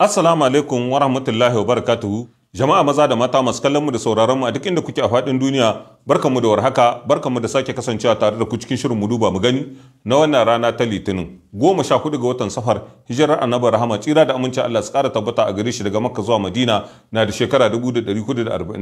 Assalamu alaikum wa rahmatullahi wa barakatuhu. Jama'a maza da mata masu kallon mu da sauraron mu a duk inda kuke a faɗin duniya, barkanmu da warhaka, barkanmu da sake kasancewa tare da ku cikin shirin mu duba mu gani na wannan rana ta Litinin. Goma sha hudu ga watan Safar, hijirar Annabi Rahama tsira da aminci Allah su ƙara tabbata a gare shi daga Makka zuwa Madina na da shekara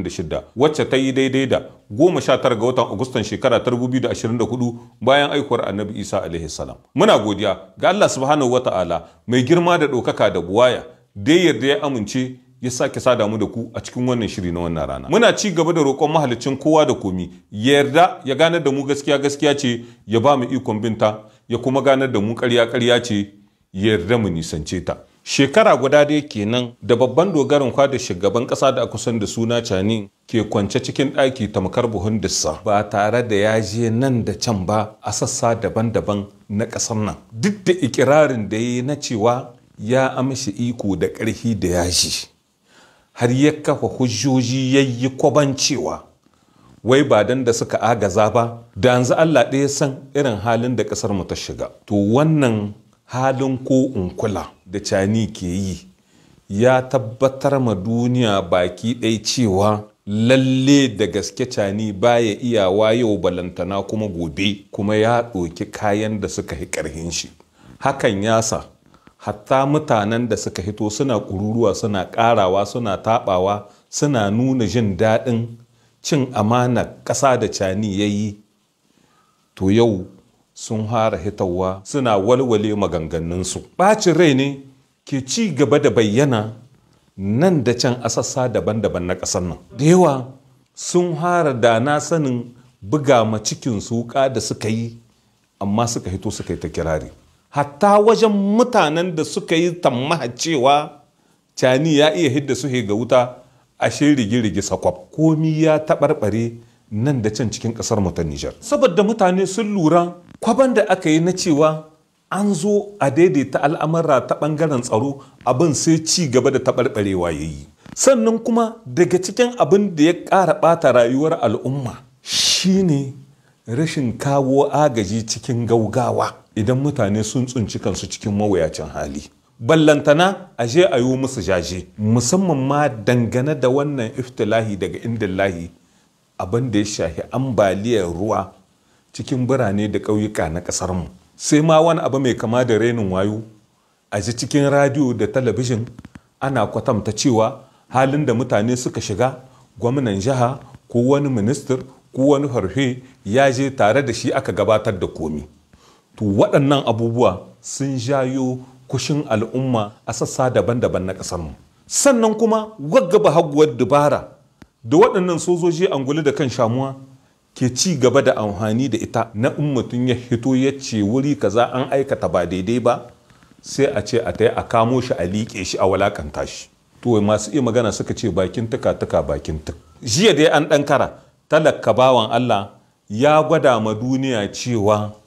shida, wacce ta yi daidai da goma sha tara ga watan Agustan shekara ta 2024 bayan aikuwar Annabi Isa alaihi salam. Muna godiya ga Allah subhanahu wa ta'ala mai girma da ɗaukaka da buwaya da ya yarda ya amince ya sake sada mu da ku a cikin wannan shiri na wannan rana. Muna ci gaba da roƙon mahalicin kowa da komi ya yarda ya ganar da mu gaskiya gaskiya ce ya ba mu ikon binta ya kuma ganar da mu ƙarya ƙarya ce ya yarda mu nisance ta. Shekara guda dai kenan da babban kwa da shugaban ƙasa da aka san da suna cani ke kwance cikin ɗaki tamkar buhun dissa ba tare da ya je nan da can ba a sassa daban-daban na ƙasar nan. Duk da ikirarin da ya yi na cewa ya amshi iko da ƙarfi da yashi har ya kafa hujjoji ya yi kwabancewa wai ba dan da suka agaza ba da yanzu Allah ɗaya san irin halin da ƙasar mu ta shiga to wannan halin ko unkula da cani ke yi ya tabbatar ma duniya baki ɗaya cewa lalle da gaske cani baya iya wayo balantana kuma gobe kuma ya ɗoki kayan da suka yi ƙarhin shi hakan ya sa hatta mutanen da suka hito suna kururuwa, suna ƙarawa suna taɓawa suna nuna jin daɗin cin amana ƙasa da cani ya yi to yau sun hara hitawa suna walwale maganganunsu ɓacin rai ne ke ci gaba da bayyana nan da can asassa daban-daban na ƙasar nan da yawa sun hara da na sanin buga ma cikin suka da suka yi amma suka hito suka yi ta kirari hatta wajen mutanen da suka yi tammaha cewa cani ya iya hidda su ga wuta ashe rigi-rigi sakwab komi ya taɓarɓare nan da can cikin ƙasar ta Nijar. Saboda mutane sun lura kwaban da aka yi na cewa an zo a daidaita al'amura ta ɓangaren tsaro abin sai ci gaba da taɓarɓarewa ya yi. Sannan kuma daga cikin abin da ya ƙara ɓata rayuwar al'umma shine rashin kawo agaji cikin gaugawa. idan mutane sun tsunci kansu cikin mawuyacin hali ballantana a je a yi musu jaje musamman ma dangane da wannan iftilahi daga indillahi abin da ya shahi ambaliyar ruwa cikin birane da ƙauyuka na ƙasarmu sai ma wani abu mai kama da renin wayo a ji cikin radiyo da talabijin ana kwatanta cewa halin da mutane suka shiga gwamnan jiha ko wani ministir ko wani harfe ya je tare da shi aka gabatar da komi to waɗannan abubuwa sun jayo kushin al'umma a sassa daban-daban na ƙasarmu sannan kuma wagga haguwar dubara da waɗannan sojoji angulu da kan shamuwa ke ci gaba da amfani da ita na in mutum ya hito ya ce wuri kaza an aikata ba daidai ba sai a ce a tayi a kamo shi a liƙe shi a walakanta shi to masu iya magana suka ce bakin tuka tuka bakin tuk jiya dai an ɗan kara talaka bawan Allah ya gwada ma duniya cewa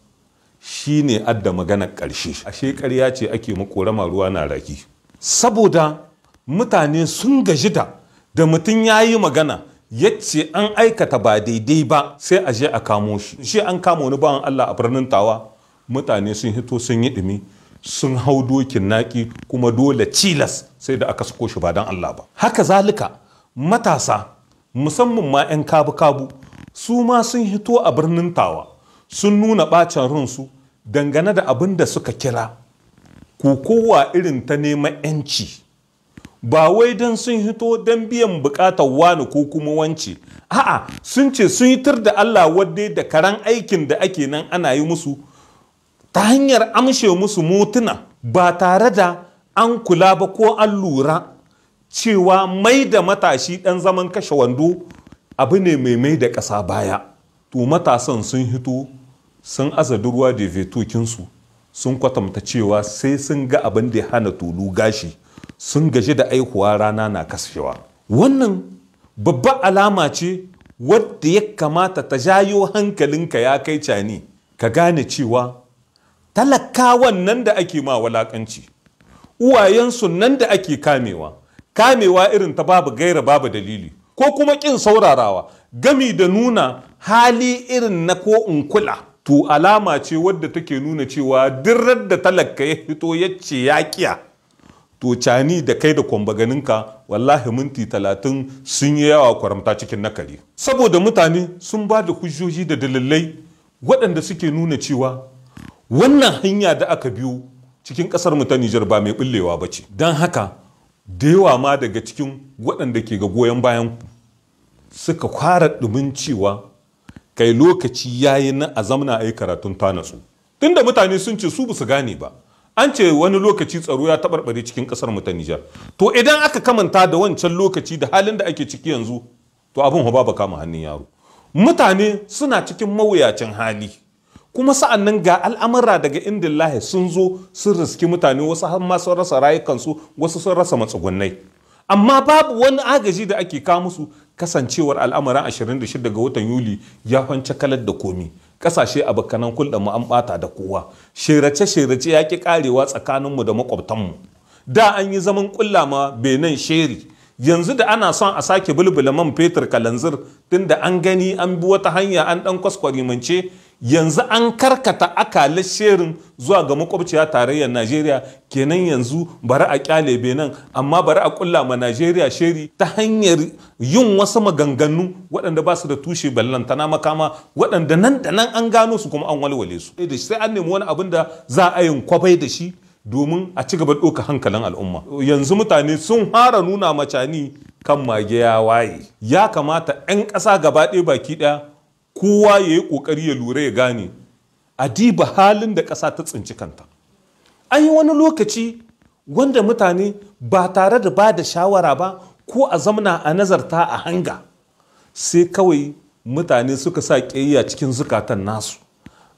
shi ne adda maganar ƙarshe ashe ƙarya ce ake makorama ruwa na raki saboda mutane sun gaji da da mutum ya yi magana yacce an aikata ba daidai ba sai a je a kamo shi shi an kama wani bawan Allah a birnin tawa mutane sun hito sun yi ɗumi sun hau dokin naƙi kuma dole cilas sai da aka sako shi ba don Allah ba haka zalika matasa musamman ma 'yan kabu-kabu su ma sun hito a birnin tawa sun nuna ɓacin ransu dangane da abin da suka kira ku kowa irin ta nema 'yanci ba wai don sun hito don biyan bukatar wani ko kuma wance a'a sun ce sun tur da Allah wadda da karan aikin da ake nan ana yi musu ta hanyar amshe musu motuna ba tare da an kula ba ko an lura cewa mai da matashi ɗan zaman kashe wando abu ne mai mai da ƙasa baya to matasan sun hito sun asa ruwa da vetokinsu sun kwatamta cewa sai sun ga abin da ya hana tulu gashi sun gaji da aihuwa rana na kashewa wannan babbar alama ce wadda ya kamata ta jayo hankalinka ya kai cani ka gane cewa talakawan nan da ake ma walakanci uwayensu nan da ake kamewa kamewa irin ta babu gaira babu dalili ko kuma ƙin saurarawa gami da nuna hali irin na ko in kula to alama ce wadda take nuna cewa dirar da talaka ya fito ya ce ya kiya to cani da kai da kwambaganinka wallahi minti talatin sun yi yawa kwaramta cikin nakali. saboda mutane sun ba da hujjoji da dalilai waɗanda suke nuna cewa wannan hanya da aka biyo cikin ƙasar mu ta Nijar ba mai ɓullewa ba ce don haka da yawa ma daga cikin waɗanda ke ga goyon bayan suka kwara ɗumin cewa kai lokaci yi na a zamana a yi karatun tanasu tunda mutane sun ce su basu gane ba an ce wani lokaci tsaro ya taɓarɓare cikin ƙasar mu ta Nijar to idan aka kamanta da wancan lokaci da halin da ake ciki yanzu to abin ba ba kama hannun yaro mutane suna cikin mawuyacin hali kuma sa'an nan ga al'amura daga indillahi sun zo sun riski mutane wasu har ma sun rasa rayukansu wasu sun rasa matsugunnai amma babu wani agaji da ake kawo musu kasancewar al'amuran 26 ga watan yuli ya fanci kalar da komi kasashe a bakkanan kulɗa mu an bata da kowa shirace shirace ya ki karewa tsakaninmu da makwabtanmu da an yi zaman kulla ma benin sheri yanzu da ana son a sake bulbula man fetur kalanzir tun da an gani an bi wata hanya an dan kwaskwarimance yanzu an karkata akalin sherin zuwa ga makwabciya tarayyar najeriya kenan yanzu bari a kyale benin amma bari a kulla ma najeriya sheri ta hanyar yin wasu maganganu waɗanda ba su da tushe ballantana makama waɗanda nan da nan an gano su kuma an walwale su eh, sai an nemi wani abin da za a yin kwabai da shi domin a ci gaba ɗauka hankalin al'umma yanzu mutane sun fara nuna macani kan mage ya waye ya kamata 'yan ƙasa gaba ɗaya baki ɗaya kowa ya yi ƙoƙari ya lura ya gane a diba halin da ƙasa ta tsinci kanta an yi wani lokaci wanda mutane ba tare da ba da shawara ba ko a zamna a nazarta a hanga sai kawai mutane suka sa ƙiyayya cikin zukatan nasu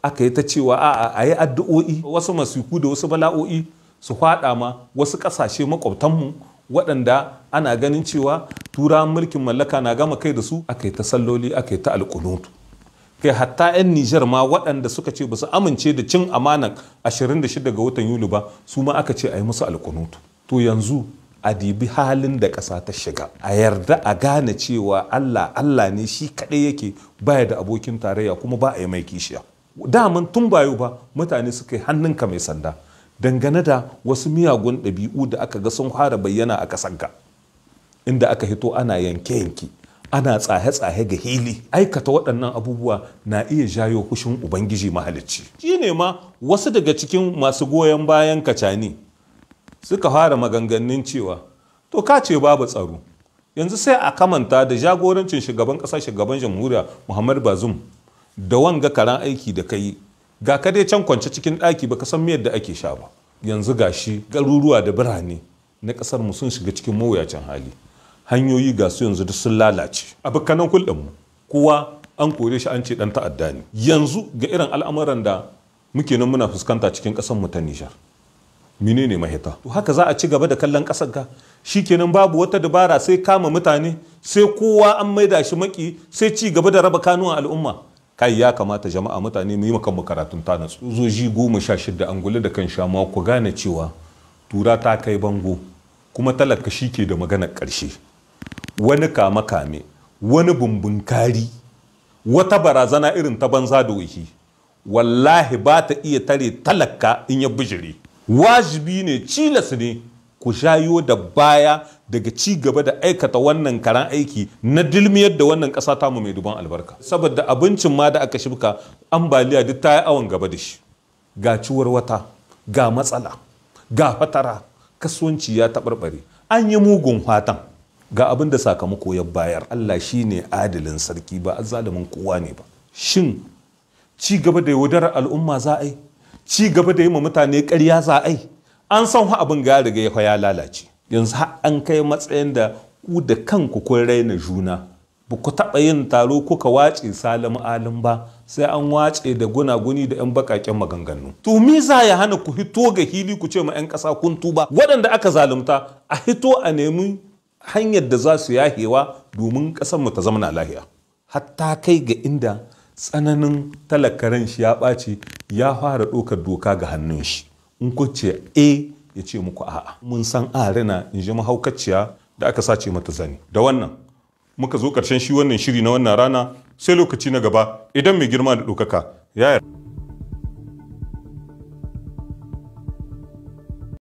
aka yi ta cewa a'a a yi addu'o'i wasu masiku da wasu bala'o'i su faɗa ma wasu ƙasashe maƙwabtanmu waɗanda ana ganin cewa turawan mulkin mallaka na gama kai da su aka yi ta salloli aka yi ta alƙunutu kai hatta 'yan Nijar ma waɗanda suka ce ba su amince da cin amanan 26 ga watan Yuli ba su ma aka ce a yi musu alkunutu. To yanzu a dibi halin da ƙasa ta shiga a yarda a gane cewa Allah Allah ne shi kaɗai yake baya da abokin tarayya kuma ba a yi mai kishiya. Daman tun bayo ba mutane suka yi ka mai sanda dangane da wasu miyagun ɗabi'u da aka ga sun fara bayyana a ƙasar inda aka hito ana yanke-yanke. ana tsahe-tsahe ga hili aikata waɗannan abubuwa na iya jayo kushin ubangiji mahalicci shi ne ma wasu daga cikin masu goyon bayan kacani suka fara maganganun cewa to ka ce babu tsaro yanzu sai a kamanta da jagorancin shugaban ƙasa shugaban jamhuriya muhammad bazum da wanga karan aiki da kai ga ka dai can kwance cikin ɗaki baka san miyar da ake sha ba yanzu gashi garuruwa da birane na ƙasar mu sun shiga cikin mawuyacin hali hanyoyi ga su yanzu da sun lalace a kulɗin mu kowa an kore shi an ce dan ta'adda ne yanzu ga irin al'amuran da muke nan muna fuskanta cikin ƙasar mu ta Nijar menene mahita to haka za a ci gaba da kallon ƙasar ka shikenan babu wata dabara sai kama mutane sai kowa an maida shi maki sai ci gaba da raba kanuwan al'umma kai ya kamata jama'a mutane mu yi makan karatun ta na goma sha shida an gula da kan shama ku gane cewa tura ta kai bango kuma talaka shi ke da maganar karshe. wani kame-kame wani bumbunkari wata barazana irin ta banza da wuhi wallahi ba ta iya tare talaka in ya bijire wajibi ne cilas ne ku shayo da baya daga ci gaba da aikata wannan karan aiki na dilmiyar da wannan ƙasa tamu mai duban albarka saboda abincin ma da aka shibka ambaliya duk ta yi awon gaba da shi ga ciwar wata ga matsala ga fatara kasuwanci ya taɓarɓare an yi mugun fatan ga abin da sakamako ya bayar Allah shi ne adalin sarki ba azalimin kowa ne ba shin ci gaba da yaudarar al'umma za a yi ci gaba da yi ma mutane karya za a yi an san ha abin ga riga ya lalace yanzu har an kai matsayin da ku da kanku kun raina juna ba ku taɓa yin taro kuka wace salim alim ba sai an wace da gunaguni da 'yan bakaken maganganu to me za ya hana ku hito ga hili ku ce ma 'yan ƙasa kun tuba waɗanda aka zalunta a hito a nemi hanyar da za su yahewa domin mu ta zamana lahiya hatta kai ga inda tsananin talakaran shi ya ɓace ya fara ɗaukar doka ga hannun shi in ku a ya ce muku a'a mun san a rana in ji mahaukaciya da aka sace mata zani da wannan muka zo ƙarshen shi wannan shiri na wannan rana sai lokaci na gaba idan mai girma da ɗaukaka ya